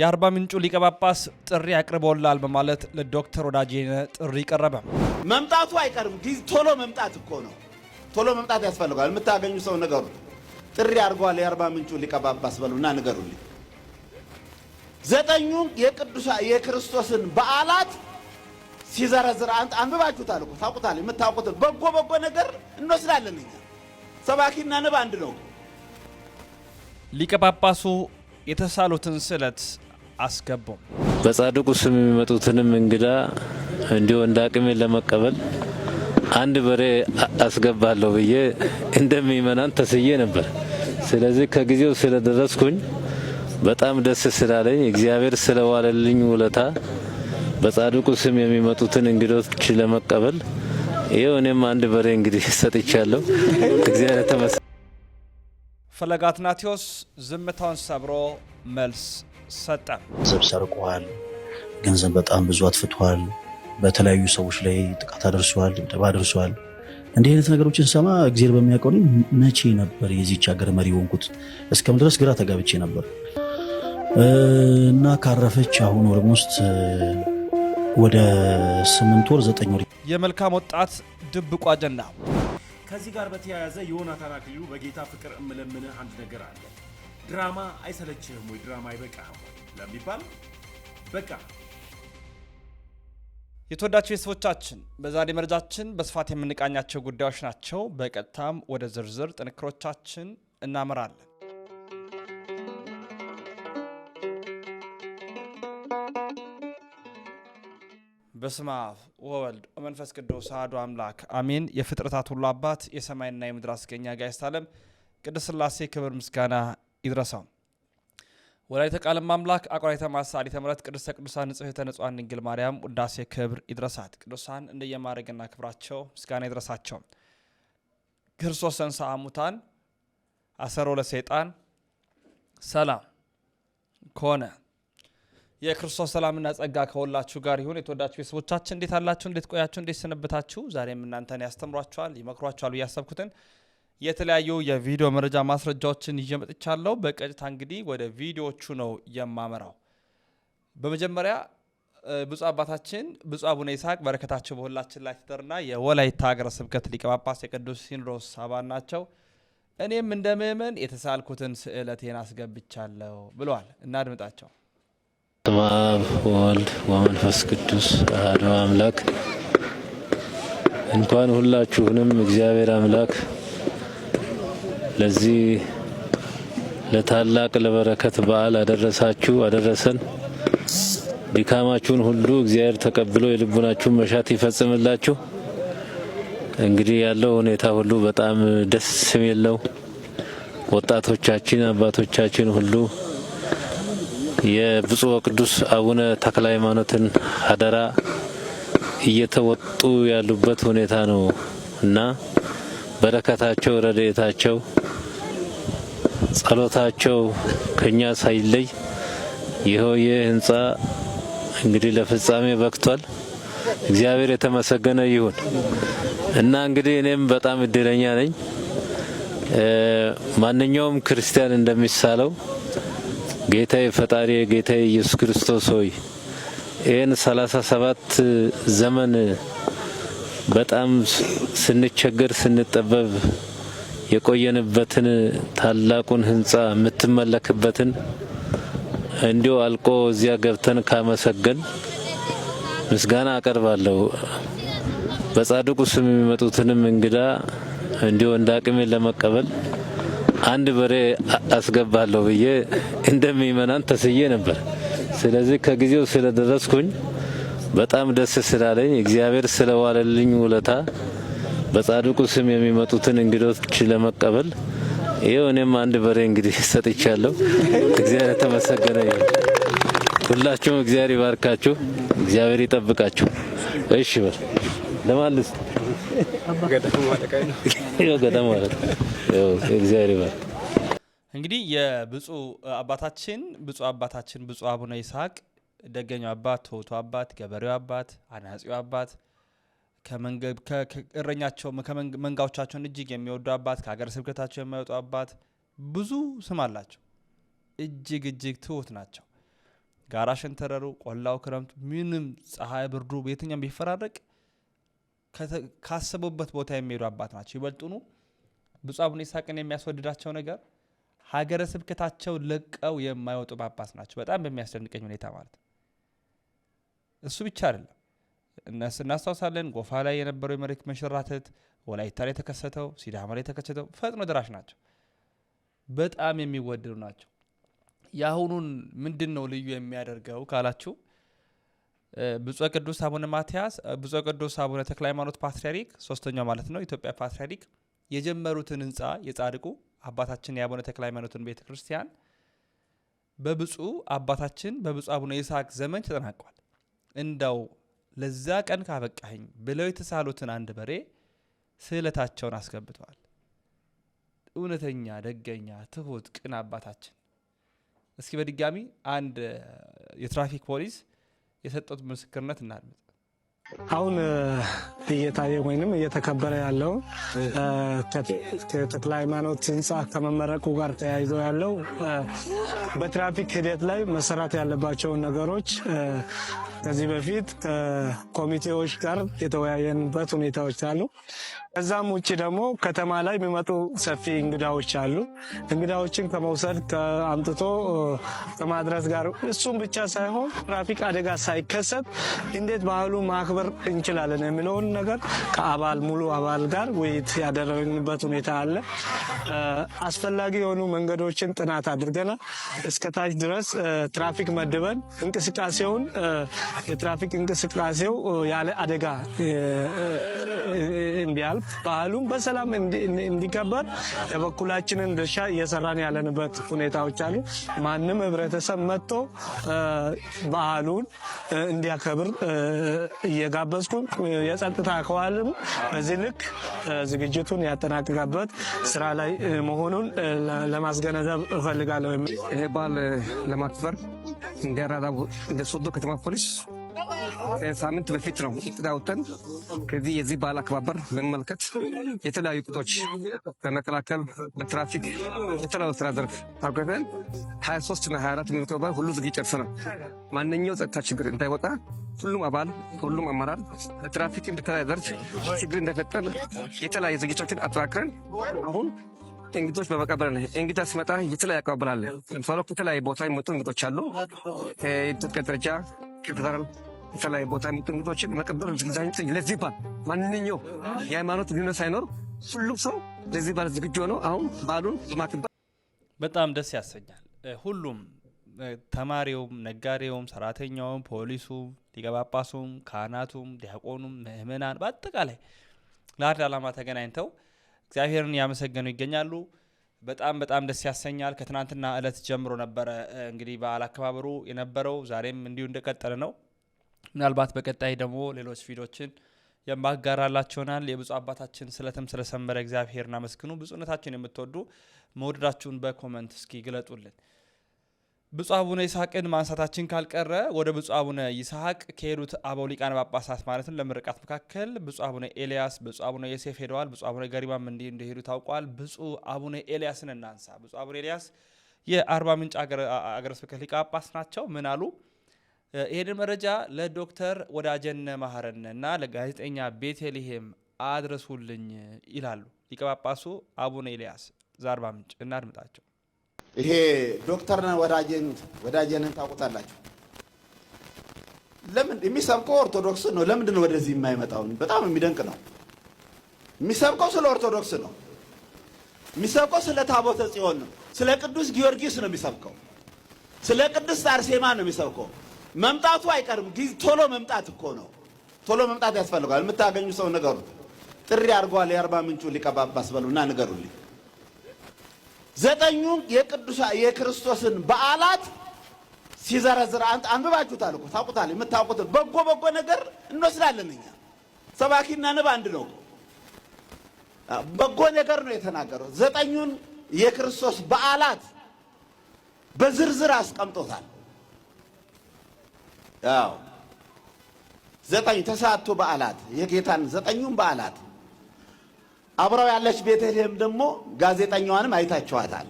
የአርባ ምንጩ ሊቀ ጳጳስ ጥሪ አቅርበውላል በማለት ለዶክተር ወዳጄነ ጥሪ ቀረበ። መምጣቱ አይቀርም፣ ቶሎ መምጣት እኮ ነው። ቶሎ መምጣት ያስፈልጋል። የምታገኙ ሰው ንገሩት። ጥሪ አድርጓል የአርባ ምንጩ ሊቀ ጳጳስ በሉና ንገሩልኝ። ዘጠኙ የቅዱሳ የክርስቶስን በዓላት ሲዘረዝር አንብባችሁታል እኮ ታውቁታል። የምታውቁት በጎ በጎ ነገር እንወስዳለን እኛ ሰባኪና ንብ አንድ ነው። ሊቀ ጳጳሱ የተሳሉትን ስዕለት አስገቡም። በጻድቁ ስም የሚመጡትንም እንግዳ እንዲሁ እንደ አቅሜ ለመቀበል አንድ በሬ አስገባለሁ ብዬ እንደሚመናን ተስዬ ነበር። ስለዚህ ከጊዜው ስለደረስኩኝ በጣም ደስ ስላለኝ እግዚአብሔር ስለዋለልኝ ውለታ በጻድቁ ስም የሚመጡትን እንግዶች ለመቀበል ይኸው እኔም አንድ በሬ እንግዲህ ሰጥቻለሁ። እግዚአብሔር ተመስ ፈለጋትናቴዎስ ዝምታውን ሰብሮ መልስ ሰጠ። ገንዘብ ሰርቋል፣ ገንዘብ በጣም ብዙ አጥፍቷል፣ በተለያዩ ሰዎች ላይ ጥቃት አደርሷል፣ ድብደባ አደርሷል። እንዲህ አይነት ነገሮችን ሰማ እግዜር በሚያውቀው መቼ ነበር የዚች ሀገር መሪ ሆንኩት? እስከም ድረስ ግራ ተጋብቼ ነበር እና ካረፈች አሁን ኦልሞስት ወደ ስምንት ወር ዘጠኝ ወር የመልካም ወጣት ድብቁ አጀንዳ ከዚህ ጋር በተያያዘ ዮናታን አክሊሉ በጌታ ፍቅር እምለምንህ አንድ ነገር አለ ድራማ አይሰለችህም ወይ? ድራማ አይበቃህም ወይ ለሚባል በቃ የተወዳቸው ቤተሰቦቻችን በዛሬ መረጃችን በስፋት የምንቃኛቸው ጉዳዮች ናቸው። በቀጥታም ወደ ዝርዝር ጥንክሮቻችን እናመራለን። በስመ አብ ወወልድ ወመንፈስ ቅዱስ አሐዱ አምላክ አሜን። የፍጥረታት ሁሉ አባት የሰማይና የምድር አስገኛ ጋይስት ዓለም ቅድስት ሥላሴ ክብር ምስጋና ይድረሳ። ወላዲተ ቃል አምላክ አቆራይተ ማሳ ሊተ ምሕረት ቅድስተ ቅዱሳን ንጽሕተ ንጹሐን ድንግል ማርያም ውዳሴ ክብር ይድረሳት። ቅዱሳን እንደየማድረግና ክብራቸው ምስጋና ይድረሳቸው። ክርስቶስ ተንሥአ እሙታን አሰሮ ለሰይጣን ሰላም ከሆነ የክርስቶስ ሰላምና ጸጋ ከሁላችሁ ጋር ይሁን። የተወዳችሁ ቤተሰቦቻችን እንዴት አላችሁ? እንዴት ቆያችሁ? እንዴት ስንብታችሁ? ዛሬም እናንተን ያስተምሯችኋል፣ ይመክሯችኋል ብዬ አሰብኩትን። የተለያዩ የቪዲዮ መረጃ ማስረጃዎችን ይዤ መጥቻለሁ። በቀጥታ እንግዲህ ወደ ቪዲዮዎቹ ነው የማመራው። በመጀመሪያ ብፁዕ አባታችን ብፁዕ አቡነ ይስሐቅ በረከታቸው በሁላችን ላይ ሲደርና የወላይታ ሀገረ ስብከት ሊቀ ጳጳስ የቅዱስ ሲኖዶስ አባል ናቸው። እኔም እንደ ምእመን የተሳልኩትን ስዕለቴን አስገብቻለሁ ብለዋል። እናድምጣቸው። በስመ አብ ወወልድ ወመንፈስ ቅዱስ አሐዱ አምላክ እንኳን ሁላችሁንም እግዚአብሔር አምላክ ለዚህ ለታላቅ ለበረከት በዓል አደረሳችሁ አደረሰን። ድካማችሁን ሁሉ እግዚአብሔር ተቀብሎ የልቡናችሁን መሻት ይፈጽምላችሁ። እንግዲህ ያለው ሁኔታ ሁሉ በጣም ደስ የሚል ነው። ወጣቶቻችን አባቶቻችን ሁሉ የብፁዕ ወቅዱስ አቡነ ተክለ ሃይማኖትን አደራ እየተወጡ ያሉበት ሁኔታ ነው እና በረከታቸው ረድኤታቸው ጸሎታቸው ከኛ ሳይለይ ይኸው ይህ ህንፃ እንግዲህ ለፍጻሜ በክቷል እግዚአብሔር የተመሰገነ ይሁን እና እንግዲህ እኔም በጣም እድለኛ ነኝ። ማንኛውም ክርስቲያን እንደሚሳለው ጌታዬ ፈጣሪ ጌታዬ ኢየሱስ ክርስቶስ ሆይ ይህን ሰላሳ ሰባት ዘመን በጣም ስንቸገር ስንጠበብ የቆየንበትን ታላቁን ህንፃ የምትመለክበትን እንዲሁ አልቆ እዚያ ገብተን ካመሰገን ምስጋና አቀርባለሁ። በጻድቁ ስም የሚመጡትንም እንግዳ እንዲሁ እንደ አቅሜ ለመቀበል አንድ በሬ አስገባለሁ ብዬ እንደሚመናን ተስዬ ነበር። ስለዚህ ከጊዜው ስለደረስኩኝ በጣም ደስ ስላለኝ እግዚአብሔር ስለዋለልኝ ውለታ በጻድቁ ስም የሚመጡትን እንግዶች ለመቀበል ይኸው እኔም አንድ በሬ እንግዲህ ሰጥቻለሁ። እግዚአብሔር የተመሰገነ ይሁን። ሁላችሁም እግዚአብሔር ይባርካችሁ፣ እግዚአብሔር ይጠብቃችሁ። እሺ በል ለማልስ ገዳ ማለት እግዚአብሔር ይባርክ። እንግዲህ የብፁዕ አባታችን ብፁዕ አባታችን ብፁዕ አቡነ ይስሐቅ ደገኛው አባት፣ ትሑቱ አባት፣ ገበሬው አባት፣ አናጺው አባት እረኛቸው መንጋዎቻቸውን እጅግ የሚወዱ አባት፣ ከሀገር ስብከታቸው የማይወጡ አባት፣ ብዙ ስም አላቸው። እጅግ እጅግ ትሁት ናቸው። ጋራ ሸንተረሩ፣ ቆላው፣ ክረምቱ፣ ምንም ፀሐይ ብርዱ የትኛም ቢፈራረቅ ካሰቡበት ቦታ የሚሄዱ አባት ናቸው። ይበልጡኑ ብፁዕ አቡነ ይስሐቅን የሚያስወድዳቸው ነገር ሀገረ ስብከታቸው ለቀው የማይወጡ ጳጳስ ናቸው። በጣም በሚያስደንቀኝ ሁኔታ ማለት ነው። እሱ ብቻ አይደለም እናስታውሳለን። ጎፋ ላይ የነበረው የመሬት መንሸራተት፣ ወላይታ ላይ የተከሰተው፣ ሲዳማ ላይ የተከሰተው ፈጥኖ ደራሽ ናቸው። በጣም የሚወደዱ ናቸው። የአሁኑን ምንድን ነው ልዩ የሚያደርገው ካላችሁ ብፁዕ ቅዱስ አቡነ ማትያስ፣ ብፁዕ ቅዱስ አቡነ ተክለ ሃይማኖት ፓትርያርክ፣ ሶስተኛው ማለት ነው ኢትዮጵያ ፓትርያርክ የጀመሩትን ህንፃ የጻድቁ አባታችን የአቡነ ተክለ ሃይማኖትን ቤተ ክርስቲያን በብፁዕ አባታችን በብፁዕ አቡነ ይስሐቅ ዘመን ተጠናቋል። እንዳው ለዛ ቀን ካበቃኝ ብለው የተሳሉትን አንድ በሬ ስዕለታቸውን አስገብተዋል። እውነተኛ፣ ደገኛ፣ ትሁት፣ ቅን አባታችን። እስኪ በድጋሚ አንድ የትራፊክ ፖሊስ የሰጡት ምስክርነት እናድምጥ። አሁን እየታየ ወይንም እየተከበረ ያለው ከተክለ ሃይማኖት ህንፃ ከመመረቁ ጋር ተያይዞ ያለው በትራፊክ ሂደት ላይ መሰራት ያለባቸውን ነገሮች ከዚህ በፊት ከኮሚቴዎች ጋር የተወያየንበት ሁኔታዎች አሉ። ከዛም ውጭ ደግሞ ከተማ ላይ የሚመጡ ሰፊ እንግዳዎች አሉ። እንግዳዎችን ከመውሰድ ከአምጥቶ ከማድረስ ጋር እሱም ብቻ ሳይሆን ትራፊክ አደጋ ሳይከሰት እንዴት ባህሉ ማክበር እንችላለን የሚለውን ነገር ከአባል ሙሉ አባል ጋር ውይይት ያደረግንበት ሁኔታ አለ። አስፈላጊ የሆኑ መንገዶችን ጥናት አድርገናል። እስከታች ድረስ ትራፊክ መድበን እንቅስቃሴውን የትራፊክ እንቅስቃሴው ያለ አደጋ እንዲያልፍ ባህሉም በሰላም እንዲከበር የበኩላችንን ድርሻ እየሰራን ያለንበት ሁኔታዎች አሉ። ማንም ህብረተሰብ መጥቶ ባህሉን እንዲያከብር እየጋበዝኩ የጸጥታ አካልም በዚህ ልክ ዝግጅቱን ያጠናቅቀበት ስራ ላይ መሆኑን ለማስገነዘብ እፈልጋለሁ። ይሄ በዓል ለማክበር እንዲያራዳ እንደ ሶዶ ከተማ ፖሊስ ከሳምንት በፊት ነው ጥዳውተን ከዚህ የዚህ በዓል አከባበር በመመልከት የተለያዩ ቁጦች በመከላከል በትራፊክ የተለያዩ ስራ ዘርፍ አርገተን 23 እና 24 ሚኒቶ በዓል ሁሉ ዝግጅት ጨርሰናል። ማንኛው ጸጥታ ችግር እንዳይወጣ ሁሉም አባል ሁሉም አመራር በትራፊክ በተለያዩ ዘርፍ ችግር እንዳይፈጠር የተለያዩ ዝግጅቶችን አጠናክረን አሁን እንግዶች በመቀበል እንግዳ ሲመጣ የተለያየ አቀባበል አለ። ለምሳሌ ከተለያየ ቦታ የሚመጡ እንግዶች አሉ። ከኢትዮጵያ ደረጃ ከፌደራል የተለያዩ ቦታ የሚገኙ ቦታዎችን መቀበር ዝግጅት ለዚህ ባል ማንኛው የሃይማኖት ልዩነት ሳይኖር ሁሉም ሰው ለዚህ ባል ዝግጁ ነው። አሁን ባሉን ማክበር በጣም ደስ ያሰኛል። ሁሉም ተማሪውም፣ ነጋዴውም፣ ሰራተኛውም፣ ፖሊሱም፣ ሊቀ ጳጳሱም፣ ካህናቱም፣ ዲያቆኑም፣ ምእመናን በአጠቃላይ ለአንድ ዓላማ ተገናኝተው እግዚአብሔርን እያመሰገኑ ይገኛሉ። በጣም በጣም ደስ ያሰኛል። ከትናንትና እለት ጀምሮ ነበረ እንግዲህ በዓል አከባበሩ የነበረው ዛሬም እንዲሁ እንደቀጠለ ነው። ምናልባት በቀጣይ ደግሞ ሌሎች ፊዶችን የማጋራላችሁናል። የብፁ አባታችን ስለትም ስለሰመረ እግዚአብሔር እናመስግኑ። ብፁነታችን የምትወዱ መውደዳችሁን በኮመንት እስኪ ግለጡልን። ብፁ አቡነ ይስሐቅን ማንሳታችን ካልቀረ ወደ ብፁ አቡነ ይስሐቅ ከሄዱት አበው ሊቃነ ጳጳሳት ማለትም ለምርቃት መካከል ብፁ አቡነ ኤልያስ፣ ብፁ አቡነ ዮሴፍ ሄደዋል። ብፁ አቡነ ገሪማም እንዲህ እንደሄዱ ታውቋል። ብፁ አቡነ ኤልያስን እናንሳ። ብፁ አቡነ ኤልያስ የአርባ ምንጭ አገረ ስብከት ሊቀ ጳጳስ ናቸው። ምን አሉ? ይህንን መረጃ ለዶክተር ወዳጀነ ማህረነ እና ለጋዜጠኛ ቤተልሔም አድረሱልኝ ይላሉ ሊቀ ጳጳሱ አቡነ ኤልያስ ዛርባ ምንጭ። እናድምጣቸው። ይሄ ዶክተር ወዳጀንን ታውቁታላችሁ። ለምን የሚሰብከው ኦርቶዶክስ ነው። ለምንድን ነው ወደዚህ የማይመጣው? በጣም የሚደንቅ ነው። የሚሰብከው ስለ ኦርቶዶክስ ነው። የሚሰብከው ስለ ታቦተ ጽዮን ነው። ስለ ቅዱስ ጊዮርጊስ ነው የሚሰብከው። ስለ ቅድስት አርሴማ ነው የሚሰብከው መምጣቱ አይቀርም። ቶሎ መምጣት እኮ ነው። ቶሎ መምጣት ያስፈልጋል። የምታገኙ ሰው ንገሩት። ጥሪ አድርገዋል። የአርባ ምንጩ ሊቀ ጳጳስ በሉና ንገሩልኝ። ዘጠኙ የቅዱሳ የክርስቶስን በዓላት ሲዘረዝር አንብባችሁታል እኮ ታውቁታል። የምታውቁት በጎ በጎ ነገር እንወስዳለን እኛ። ሰባኪና ንብ አንድ ነው። በጎ ነገር ነው የተናገረው። ዘጠኙን የክርስቶስ በዓላት በዝርዝር አስቀምጦታል። ያው ዘጠኝ ተሳቱ በዓላት የጌታን ዘጠኙም በዓላት አብረው ያለች ቤተልሔም ደግሞ ጋዜጠኛዋንም አይታችኋታል።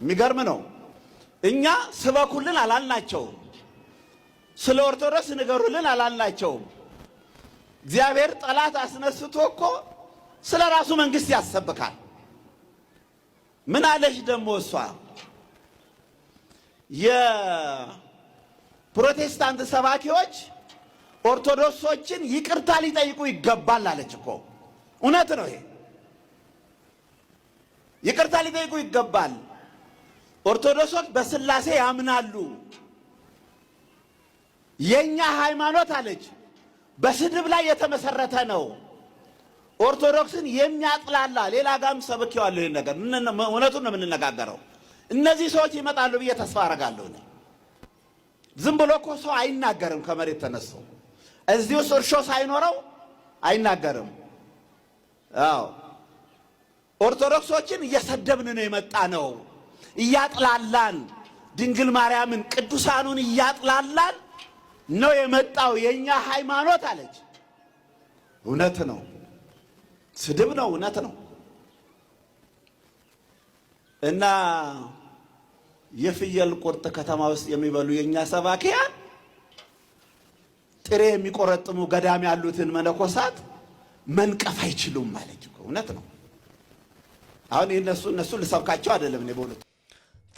የሚገርም ነው። እኛ ስበኩልን አላልናቸውም። ስለ ኦርቶዶክስ ንገሩልን አላልናቸውም። እግዚአብሔር ጠላት አስነስቶ እኮ ስለ ራሱ መንግሥት ያሰብካል። ምን አለች ደግሞ እሷ ፕሮቴስታንት ሰባኪዎች ኦርቶዶክሶችን ይቅርታ ሊጠይቁ ይገባል አለች እኮ። እውነት ነው ይሄ። ይቅርታ ሊጠይቁ ይገባል። ኦርቶዶክሶች በስላሴ ያምናሉ። የኛ ሃይማኖት አለች በስድብ ላይ የተመሰረተ ነው። ኦርቶዶክስን የሚያጥላላ ሌላ ጋም ሰብኬዋለሁ። ይህን ነገር እውነቱን ነው የምንነጋገረው። እነዚህ ሰዎች ይመጣሉ ብዬ ተስፋ አደርጋለሁ። ዝም ብሎ እኮ ሰው አይናገርም። ከመሬት ተነስቶ እዚህ ውስጥ እርሾ ሳይኖረው አይናገርም። አዎ ኦርቶዶክሶችን እየሰደብን ነው የመጣ ነው፣ እያጥላላን ድንግል ማርያምን ቅዱሳኑን እያጥላላን ነው የመጣው የእኛ ሃይማኖት አለች። እውነት ነው፣ ስድብ ነው፣ እውነት ነው እና የፍየል ቁርጥ ከተማ ውስጥ የሚበሉ የእኛ ሰባኪያ ጥሬ የሚቆረጥሙ ገዳም ያሉትን መነኮሳት መንቀፍ አይችሉም ማለት እውነት ነው። አሁን እነሱ እነሱ ልሰብካቸው አይደለም እኔ በእውነቱ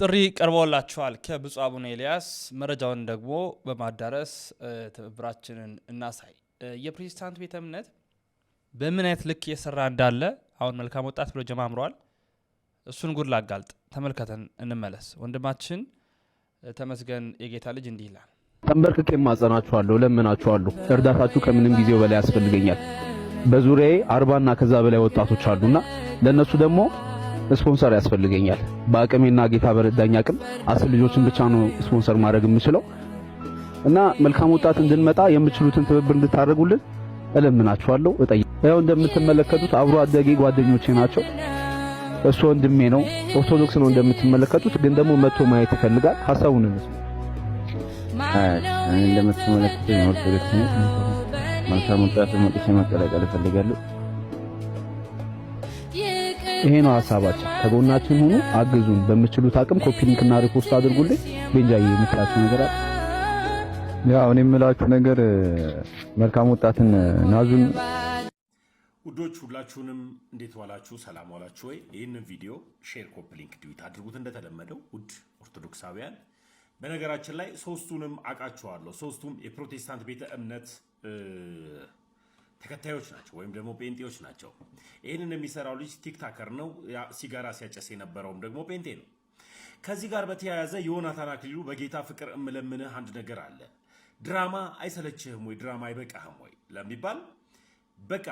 ጥሪ ቀርቦላቸዋል ከብፁዕ አቡነ ኤልያስ። መረጃውን ደግሞ በማዳረስ ትብብራችንን እናሳይ። የፕሮቴስታንት ቤተ እምነት በምን አይነት ልክ እየሰራ እንዳለ አሁን መልካም ወጣት ብሎ ጀማምረዋል። እሱን ጉድ ላጋልጥ፣ ተመልከተን እንመለስ። ወንድማችን ተመስገን የጌታ ልጅ እንዲህ ይላል። ተንበርክኬ ማጸናችኋለሁ፣ ለምናችኋለሁ። እርዳታችሁ ከምንም ጊዜው በላይ ያስፈልገኛል። በዙሪያዬ አርባና ከዛ በላይ ወጣቶች አሉና ለእነሱ ደግሞ ስፖንሰር ያስፈልገኛል። በአቅሜና ጌታ በረዳኝ አቅም አስር ልጆችን ብቻ ነው ስፖንሰር ማድረግ የምችለው እና መልካም ወጣት እንድንመጣ የምችሉትን ትብብር እንድታደርጉልን እለምናችኋለሁ። እጠይ ያው እንደምትመለከቱት አብሮ አደጌ ጓደኞቼ ናቸው። እሱ ወንድሜ ነው፣ ኦርቶዶክስ ነው እንደምትመለከቱት። ግን ደግሞ መቶ ማየት ይፈልጋል። ሀሳቡን ነው እንደምትመለከቱት ኦርቶዶክስ ነው። መልካም ወጣት መጥቼ መቀላቀል እፈልጋለሁ። ይሄ ነው ሀሳባችን። ከጎናችን ሁኑ፣ አግዙን። በምችሉት አቅም ኮፒ ሊንክ እና ሪፖስት አድርጉልኝ። ቤንጃዬ የምትላችሁ ነገር አለ? ያው እኔ የምላችሁ ነገር መልካም ወጣትን ናዙን ውዶች ሁላችሁንም እንዴት ዋላችሁ? ሰላም ዋላችሁ ወይ? ይህንን ቪዲዮ ሼር፣ ኮፕ፣ ሊንክ፣ ዲዩት አድርጉት። እንደተለመደው ውድ ኦርቶዶክሳውያን፣ በነገራችን ላይ ሶስቱንም አውቃችኋለሁ። ሶስቱም የፕሮቴስታንት ቤተ እምነት ተከታዮች ናቸው፣ ወይም ደግሞ ጴንጤዎች ናቸው። ይህንን የሚሰራው ልጅ ቲክታከር ነው። ሲጋራ ሲያጨስ የነበረውም ደግሞ ጴንጤ ነው። ከዚህ ጋር በተያያዘ ዮናታን አክሊሉ በጌታ ፍቅር እምለምንህ አንድ ነገር አለ፣ ድራማ አይሰለችህም ወይ? ድራማ አይበቃህም ወይ ለሚባል በቃ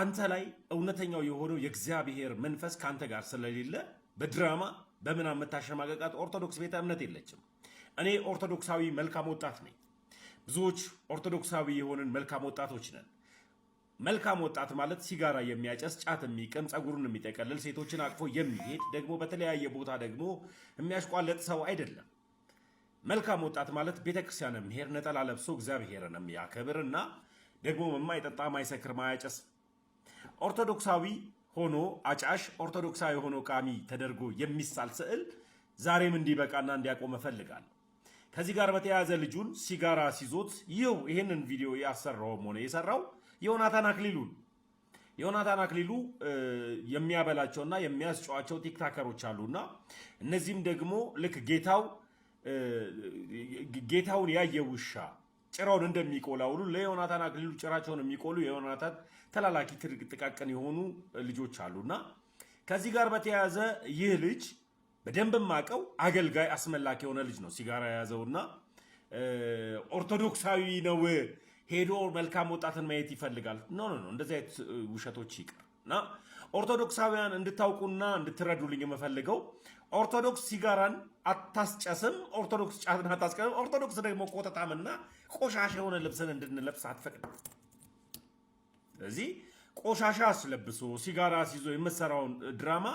አንተ ላይ እውነተኛው የሆነው የእግዚአብሔር መንፈስ ከአንተ ጋር ስለሌለ በድራማ በምና የምታሸማቀቃት ኦርቶዶክስ ቤተ እምነት የለችም። እኔ ኦርቶዶክሳዊ መልካም ወጣት ነኝ። ብዙዎች ኦርቶዶክሳዊ የሆንን መልካም ወጣቶች ነን። መልካም ወጣት ማለት ሲጋራ የሚያጨስ ጫት የሚቅም ጸጉሩን የሚጠቀልል ሴቶችን አቅፎ የሚሄድ ደግሞ በተለያየ ቦታ ደግሞ የሚያሽቋለጥ ሰው አይደለም። መልካም ወጣት ማለት ቤተክርስቲያን የሚሄድ ነጠላ ለብሶ እግዚአብሔርን የሚያከብር እና ደግሞ የማይጠጣ ማይሰክር ማያጨስ ኦርቶዶክሳዊ ሆኖ አጫሽ ኦርቶዶክሳዊ ሆኖ ቃሚ ተደርጎ የሚሳል ስዕል ዛሬም እንዲበቃና እንዲያቆም እፈልጋለሁ። ከዚህ ጋር በተያያዘ ልጁን ሲጋራ ሲዞት ይኸው ይህንን ቪዲዮ ያሰራውም ሆነ የሰራው ዮናታን አክሊሉን ዮናታን አክሊሉ የሚያበላቸውና የሚያስጨዋቸው ቲክታከሮች አሉና እነዚህም ደግሞ ልክ ጌታው ጌታውን ያየ ውሻ ጭራውን እንደሚቆላ ሁሉ ለዮናታን አክሊሉ ጭራቸውን የሚቆሉ የዮናታን ተላላኪ ጥቃቅን የሆኑ ልጆች አሉና ከዚህ ጋር በተያያዘ ይህ ልጅ በደንብ ማቀው አገልጋይ አስመላክ የሆነ ልጅ ነው። ሲጋራ የያዘውና ኦርቶዶክሳዊ ነው። ሄዶ መልካም ወጣትን ማየት ይፈልጋል። ኖ ኖ እንደዚህ አይነት ውሸቶች ይቅር እና ኦርቶዶክሳውያን እንድታውቁና እንድትረዱልኝ የምፈልገው ኦርቶዶክስ ሲጋራን አታስጨስም፣ ኦርቶዶክስ ጫትን አታስቀስም። ኦርቶዶክስ ደግሞ ቆተታምና ቆሻሻ የሆነ ልብስን እንድንለብስ አትፈቅድም። ስለዚህ ቆሻሻ አስለብሶ ሲጋራ ሲዞ የምትሰራውን ድራማ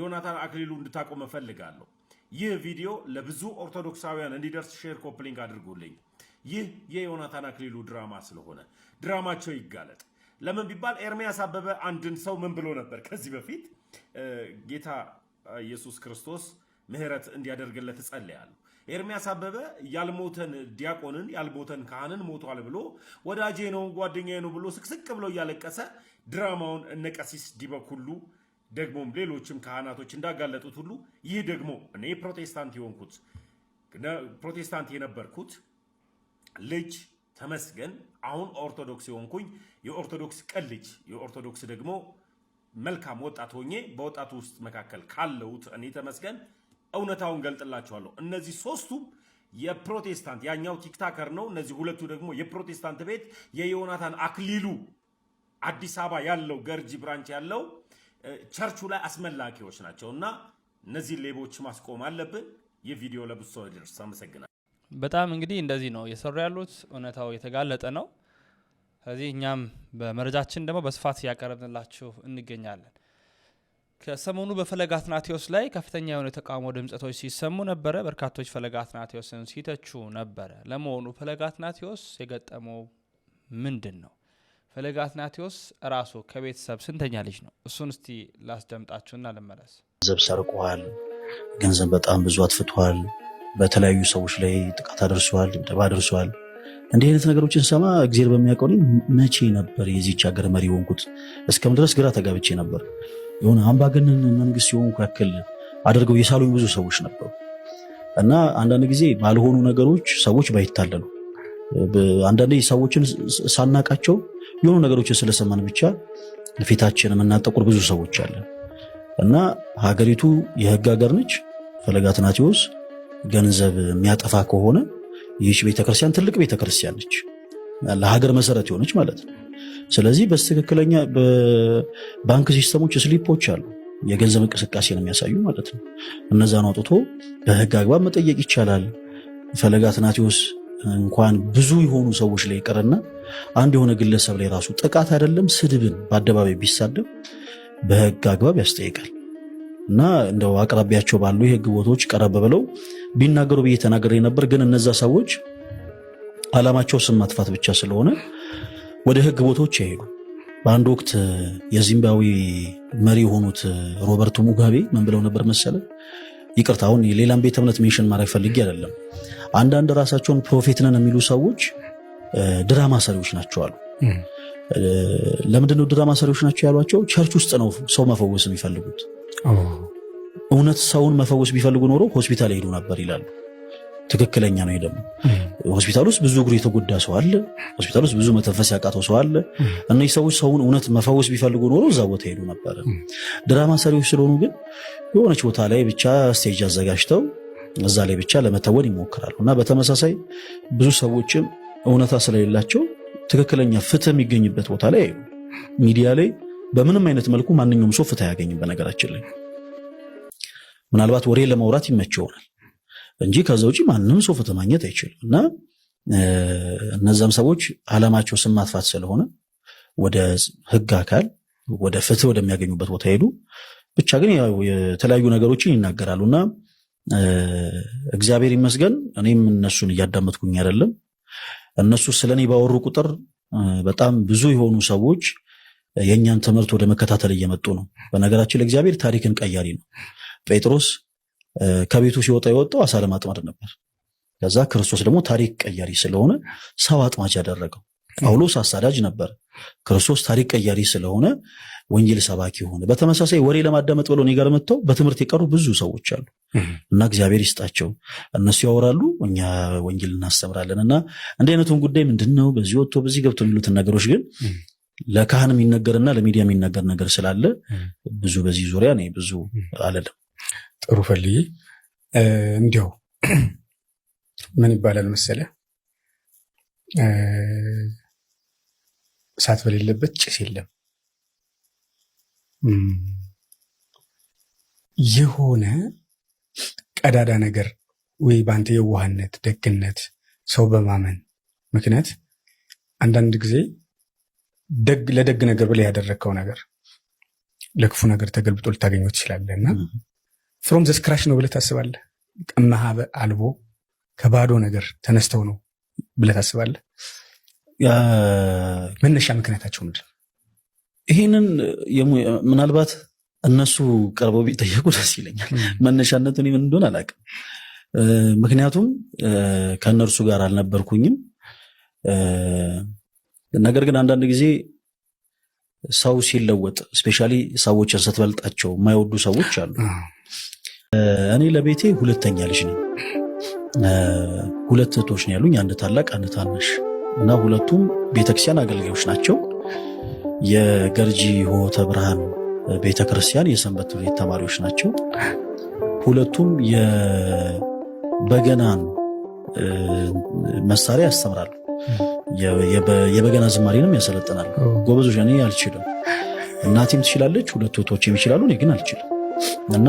ዮናታን አክሊሉ እንድታቆም እፈልጋለሁ። ይህ ቪዲዮ ለብዙ ኦርቶዶክሳውያን እንዲደርስ ሼር፣ ኮፕሊንግ አድርጉልኝ። ይህ የዮናታን አክሊሉ ድራማ ስለሆነ ድራማቸው ይጋለጥ። ለምን ቢባል ኤርሚያስ አበበ አንድን ሰው ምን ብሎ ነበር ከዚህ በፊት ጌታ ኢየሱስ ክርስቶስ ምሕረት እንዲያደርግለት እጸልያለሁ። ኤርሚያስ አበበ ያልሞተን ዲያቆንን ያልሞተን ካህንን ሞቷል ብሎ ወዳጄ ነው ጓደኛዬ ነው ብሎ ስቅስቅ ብሎ እያለቀሰ ድራማውን እነቀሲስ ቀሲስ ዲበኩሉ ደግሞም ሌሎችም ካህናቶች እንዳጋለጡት ሁሉ ይህ ደግሞ እኔ ፕሮቴስታንት የሆንኩት ፕሮቴስታንት የነበርኩት ልጅ ተመስገን አሁን ኦርቶዶክስ የሆንኩኝ የኦርቶዶክስ ቀን ልጅ የኦርቶዶክስ ደግሞ መልካም ወጣት ሆኜ በወጣቱ ውስጥ መካከል ካለሁት እኔ ተመስገን እውነታውን ገልጥላችኋለሁ። እነዚህ ሶስቱም የፕሮቴስታንት ያኛው ቲክታከር ነው። እነዚህ ሁለቱ ደግሞ የፕሮቴስታንት ቤት የዮናታን አክሊሉ አዲስ አበባ ያለው ገርጂ ብራንች ያለው ቸርቹ ላይ አስመላኪዎች ናቸው እና እነዚህ ሌቦች ማስቆም አለብን። ይህ ቪዲዮ ለብሶ ሰው አመሰግናል። በጣም እንግዲህ እንደዚህ ነው የሰሩ ያሉት። እውነታው የተጋለጠ ነው። ስለዚህ እኛም በመረጃችን ደግሞ በስፋት እያቀረብንላችሁ እንገኛለን። ከሰሞኑ በፈለገ አትናቴዎስ ላይ ከፍተኛ የሆነ የተቃውሞ ድምጸቶች ሲሰሙ ነበረ። በርካቶች ፈለገ አትናቴዎስን ሲተቹ ነበረ። ለመሆኑ ፈለገ አትናቴዎስ የገጠመው ምንድን ነው? ፈለገ አትናቴዎስ ራሱ ከቤተሰብ ስንተኛ ልጅ ነው? እሱን እስቲ ላስደምጣችሁና ልመለስ። ገንዘብ ሰርቋል፣ ገንዘብ በጣም ብዙ አጥፍቷል፣ በተለያዩ ሰዎች ላይ ጥቃት አድርሷል፣ ደባ አድርሷል። እንዲህ አይነት ነገሮችን ሰማ እግዜር በሚያውቀው መቼ ነበር የዚች ሀገር መሪ ሆንኩት? እስከም ድረስ ግራ ተጋብቼ ነበር። የሆነ አምባገነን መንግስት የሆንኩ ያክል አድርገው የሳሉኝ ብዙ ሰዎች ነበሩ። እና አንዳንድ ጊዜ ባልሆኑ ነገሮች ሰዎች ባይታለሉ፣ አንዳንዴ ሰዎችን ሳናቃቸው የሆኑ ነገሮችን ስለሰማን ብቻ ፊታችን የምናጠቁር ብዙ ሰዎች አለ። እና ሀገሪቱ የህግ ሀገር ነች። ፈለገ አትናቴዎስ ገንዘብ የሚያጠፋ ከሆነ ይህች ቤተክርስቲያን ትልቅ ቤተክርስቲያን ነች፣ ለሀገር መሰረት የሆነች ማለት ነው። ስለዚህ በትክክለኛ በባንክ ሲስተሞች ስሊፖች አሉ፣ የገንዘብ እንቅስቃሴ ነው የሚያሳዩ ማለት ነው። እነዛን አውጥቶ በህግ አግባብ መጠየቅ ይቻላል። ፈለገ አትናቴዎስ እንኳን ብዙ የሆኑ ሰዎች ላይ ይቅርና አንድ የሆነ ግለሰብ ላይ ራሱ ጥቃት አይደለም ስድብን በአደባባይ ቢሳደብ በህግ አግባብ ያስጠይቃል። እና እንደው አቅራቢያቸው ባሉ የህግ ቦታዎች ቀረብ ብለው ቢናገሩ ብዬ ተናገር ነበር። ግን እነዛ ሰዎች አላማቸው ስም ማጥፋት ብቻ ስለሆነ ወደ ህግ ቦታዎች ያሄዱ። በአንድ ወቅት የዚምባብዌ መሪ የሆኑት ሮበርቱ ሙጋቤ ምን ብለው ነበር መሰለ? ይቅርታ አሁን የሌላም ቤተ እምነት ሜንሽን ማድረግ ፈልጌ አይደለም። አንዳንድ ራሳቸውን ፕሮፌት ነን የሚሉ ሰዎች ድራማ ሰሪዎች ናቸው አሉ። ለምንድነው ድራማ ሰሪዎች ናቸው ያሏቸው? ቸርች ውስጥ ነው ሰው መፈወስ የሚፈልጉት እውነት ሰውን መፈወስ ቢፈልጉ ኖሮ ሆስፒታል ሄዱ ነበር ይላሉ። ትክክለኛ ነው። ደግሞ ሆስፒታል ውስጥ ብዙ እግሩ የተጎዳ ሰው አለ። ሆስፒታል ውስጥ ብዙ መተንፈስ ያቃተው ሰው አለ። እነዚህ ሰዎች ሰውን እውነት መፈወስ ቢፈልጉ ኖሮ እዛ ቦታ ሄዱ ነበር። ድራማ ሰሪዎች ስለሆኑ ግን የሆነች ቦታ ላይ ብቻ ስቴጅ አዘጋጅተው እዛ ላይ ብቻ ለመተወን ይሞክራሉ እና በተመሳሳይ ብዙ ሰዎችም እውነታ ስለሌላቸው ትክክለኛ ፍትህ የሚገኝበት ቦታ ላይ ሚዲያ ላይ በምንም አይነት መልኩ ማንኛውም ሰው ፍትህ አያገኝም። በነገራችን ላይ ምናልባት ወሬ ለማውራት ይመች ይሆናል እንጂ ከዛ ውጭ ማንም ሰው ፍትህ ማግኘት አይችልም እና እነዛም ሰዎች አላማቸው ስም ማጥፋት ስለሆነ ወደ ህግ አካል ወደ ፍትህ ወደሚያገኙበት ቦታ ሄዱ። ብቻ ግን የተለያዩ ነገሮችን ይናገራሉ እና እግዚአብሔር ይመስገን እኔም እነሱን እያዳመጥኩኝ አይደለም። እነሱ ስለ እኔ ባወሩ ቁጥር በጣም ብዙ የሆኑ ሰዎች የእኛን ትምህርት ወደ መከታተል እየመጡ ነው። በነገራችን ለእግዚአብሔር ታሪክን ቀያሪ ነው። ጴጥሮስ ከቤቱ ሲወጣ የወጣው አሳ ለማጥማድ ነበር። ከዛ ክርስቶስ ደግሞ ታሪክ ቀያሪ ስለሆነ ሰው አጥማጅ ያደረገው። ጳውሎስ አሳዳጅ ነበር። ክርስቶስ ታሪክ ቀያሪ ስለሆነ ወንጌል ሰባኪ ሆነ። በተመሳሳይ ወሬ ለማዳመጥ ብለው እኔ ጋር መጥተው በትምህርት የቀሩ ብዙ ሰዎች አሉ እና እግዚአብሔር ይስጣቸው። እነሱ ያወራሉ፣ እኛ ወንጌል እናስተምራለን። እና እንደ አይነቱን ጉዳይ ምንድን ነው በዚህ ወጥቶ በዚህ ገብቶ የሚሉትን ነገሮች ግን ለካህን የሚነገርና ለሚዲያ የሚነገር ነገር ስላለ ብዙ በዚህ ዙሪያ ብዙ አለለም። ጥሩ ፈልዬ እንዲያው ምን ይባላል መሰለ እሳት በሌለበት ጭስ የለም። የሆነ ቀዳዳ ነገር ወይ በአንተ የዋህነት፣ ደግነት፣ ሰው በማመን ምክንያት አንዳንድ ጊዜ ለደግ ነገር ብለህ ያደረግከው ነገር ለክፉ ነገር ተገልብጦ ልታገኘው ትችላለህ እና ፍሮም ዘስክራሽ ነው ብለህ ታስባለህ? እመሃበ አልቦ ከባዶ ነገር ተነስተው ነው ብለህ ታስባለህ? መነሻ ምክንያታቸው ምንድን ነው? ይህንን ምናልባት እነሱ ቀርበው ቢጠየቁ ደስ ይለኛል። መነሻነቱ እኔ ምን እንደሆነ አላውቅም። ምክንያቱም ከእነርሱ ጋር አልነበርኩኝም። ነገር ግን አንዳንድ ጊዜ ሰው ሲለወጥ ስፔሻሊ ሰዎችን ስትበልጣቸው የማይወዱ ሰዎች አሉ። እኔ ለቤቴ ሁለተኛ ልጅ ነኝ። ሁለት እህቶች ነው ያሉኝ፣ አንድ ታላቅ፣ አንድ ታናሽ እና ሁለቱም ቤተክርስቲያን አገልጋዮች ናቸው። የገርጂ ሆተ ብርሃን ቤተክርስቲያን የሰንበት ቤት ተማሪዎች ናቸው። ሁለቱም የበገናን መሳሪያ ያስተምራሉ። የበገና ዝማሪንም ያሰለጥናሉ። ጎበዞች። እኔ አልችልም። እናቴም ትችላለች፣ ሁለት እህቶችም ይችላሉ፣ እኔ ግን አልችልም እና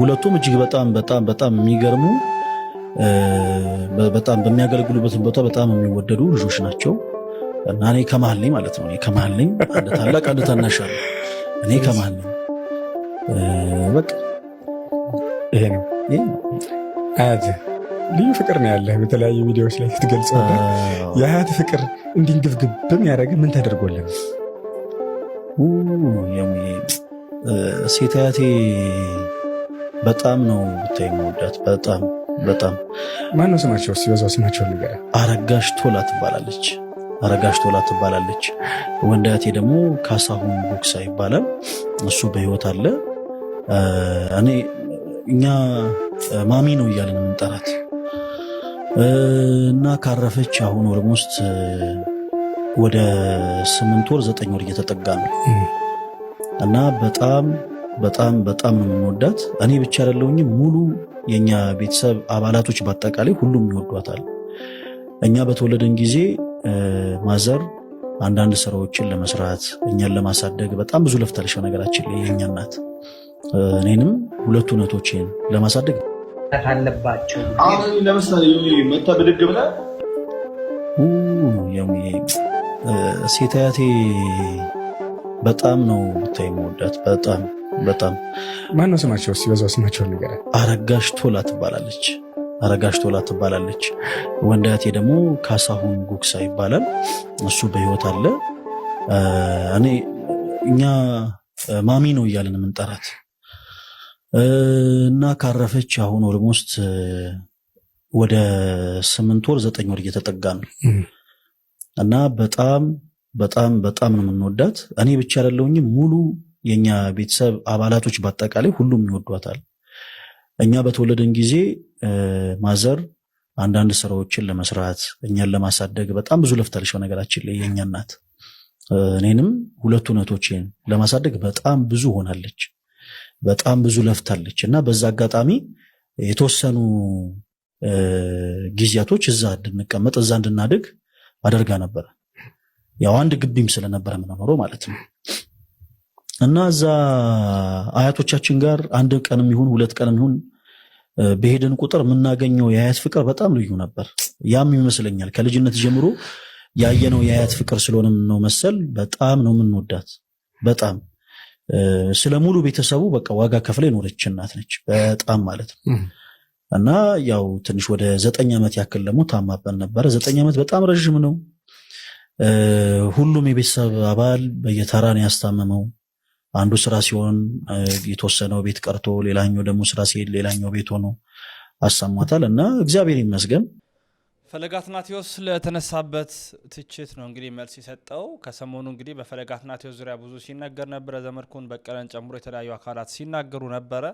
ሁለቱም እጅግ በጣም በጣም በጣም የሚገርሙ በጣም በሚያገለግሉበት ቦታ በጣም የሚወደዱ ልጆች ናቸው እና እኔ ከመሀል ነኝ ማለት ነው። ከመሀል ነኝ፣ አንድ ታላቅ አንድ ታናሽ አለ። እኔ ከመሀል ነኝ። በቃ ይሄ ነው አያት ልዩ ፍቅር ነው ያለህ። በተለያዩ ቪዲዮዎች ላይ ስትገልጽ የአያት ፍቅር እንዲንግብግብ በሚያደርግ ምን ተደርጎልን ሴት አያቴ በጣም ነው ብታይ መወዳት በጣም በጣም ማነው ስማቸው? እስኪ በዛው ስማቸው ነገር አረጋሽ ቶላ ትባላለች። አረጋሽ ቶላ ትባላለች። ወንዳያቴ ደግሞ ካሳሁን ቦክሳ ይባላል። እሱ በህይወት አለ። እኔ እኛ ማሚ ነው እያለን የምንጠራት እና ካረፈች አሁን ኦልሞስት ወደ ስምንት ወር ዘጠኝ ወር እየተጠጋ ነው እና በጣም በጣም በጣም ነው የምንወዳት። እኔ ብቻ አይደለሁኝም፣ ሙሉ የእኛ ቤተሰብ አባላቶች በአጠቃላይ ሁሉም ይወዷታል። እኛ በተወለደን ጊዜ ማዘር አንዳንድ ስራዎችን ለመስራት እኛን ለማሳደግ በጣም ብዙ ለፍታለች። በነገራችን ላይ የእኛ እናት እኔንም ሁለቱ እህቶቼን ለማሳደግ አለባቸው። አሁን ለምሳሌ መታ ብድግ ሴት አያቴ በጣም ነው ብታይ መወዳት በጣም በጣም ማነው ስማቸው? እስኪ በዛው ስማቸውን አረጋሽ ቶላ ትባላለች። አረጋሽ ቶላ ትባላለች። ወንዳቴ ደግሞ ካሳሁን ጉግሳ ይባላል። እሱ በህይወት አለ። እኔ እኛ ማሚ ነው እያለን የምንጠራት እና ካረፈች አሁን ኦልሞስት ወደ ስምንት ወር ዘጠኝ ወር እየተጠጋ ነው እና በጣም በጣም በጣም ነው የምንወዳት። እኔ ብቻ አይደለሁኝም ሙሉ የእኛ ቤተሰብ አባላቶች በአጠቃላይ ሁሉም ይወዷታል። እኛ በተወለደን ጊዜ ማዘር አንዳንድ ስራዎችን ለመስራት እኛን ለማሳደግ በጣም ብዙ ለፍታለች። በነገራችን ላይ የእኛ እናት እኔንም ሁለቱ እህቶቼን ለማሳደግ በጣም ብዙ ሆናለች፣ በጣም ብዙ ለፍታለች እና በዛ አጋጣሚ የተወሰኑ ጊዜያቶች እዛ እንድንቀመጥ እዛ እንድናድግ አደርጋ ነበረ። ያው አንድ ግቢም ስለነበረ የምንኖረው ማለት ነው እና እዛ አያቶቻችን ጋር አንድ ቀንም ይሁን ሁለት ቀንም ይሁን በሄድን ቁጥር የምናገኘው የአያት ፍቅር በጣም ልዩ ነበር። ያም ይመስለኛል ከልጅነት ጀምሮ ያየነው የአያት ፍቅር ስለሆነ ነው መሰል በጣም ነው የምንወዳት። በጣም ስለ ሙሉ ቤተሰቡ በቃ ዋጋ ከፍላ የኖረች እናት ነች፣ በጣም ማለት ነው። እና ያው ትንሽ ወደ ዘጠኝ ዓመት ያክል ደግሞ ታማበን ነበረ። ዘጠኝ ዓመት በጣም ረዥም ነው። ሁሉም የቤተሰብ አባል በየተራን ያስታመመው። አንዱ ስራ ሲሆን የተወሰነው ቤት ቀርቶ ሌላኛው ደግሞ ስራ ሲሄድ ሌላኛው ቤት ሆኖ አሰማታል እና እግዚአብሔር ይመስገን። ፈለገ አትናቴዎስ ለተነሳበት ትችት ነው እንግዲህ መልስ የሰጠው። ከሰሞኑ እንግዲህ በፈለገ አትናቴዎስ ዙሪያ ብዙ ሲነገር ነበረ። ዘመድኩን በቀለን ጨምሮ የተለያዩ አካላት ሲናገሩ ነበረ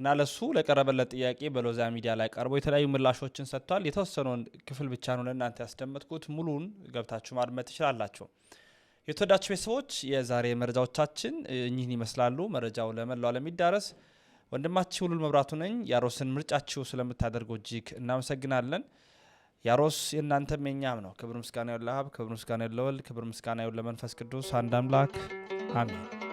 እና ለሱ ለቀረበለት ጥያቄ በሎዛ ሚዲያ ላይ ቀርቦ የተለያዩ ምላሾችን ሰጥቷል። የተወሰነውን ክፍል ብቻ ነው ለእናንተ ያስደመጥኩት። ሙሉን ገብታችሁ ማድመጥ ትችላላችሁ። የተወዳችሁ ቤተሰቦች የዛሬ መረጃዎቻችን እኚህን ይመስላሉ። መረጃው ለመላው ለሚዳረስ ይዳረስ። ወንድማችሁ ሁሉል መብራቱ ነኝ። ያሮስን ምርጫችሁ ስለምታደርጉ እጅግ እናመሰግናለን። ያሮስ የእናንተም የኛም ነው። ክብር ምስጋና ለአብ፣ ክብር ምስጋና ለወልድ፣ ክብር ምስጋና ለመንፈስ ቅዱስ አንድ አምላክ አሜን።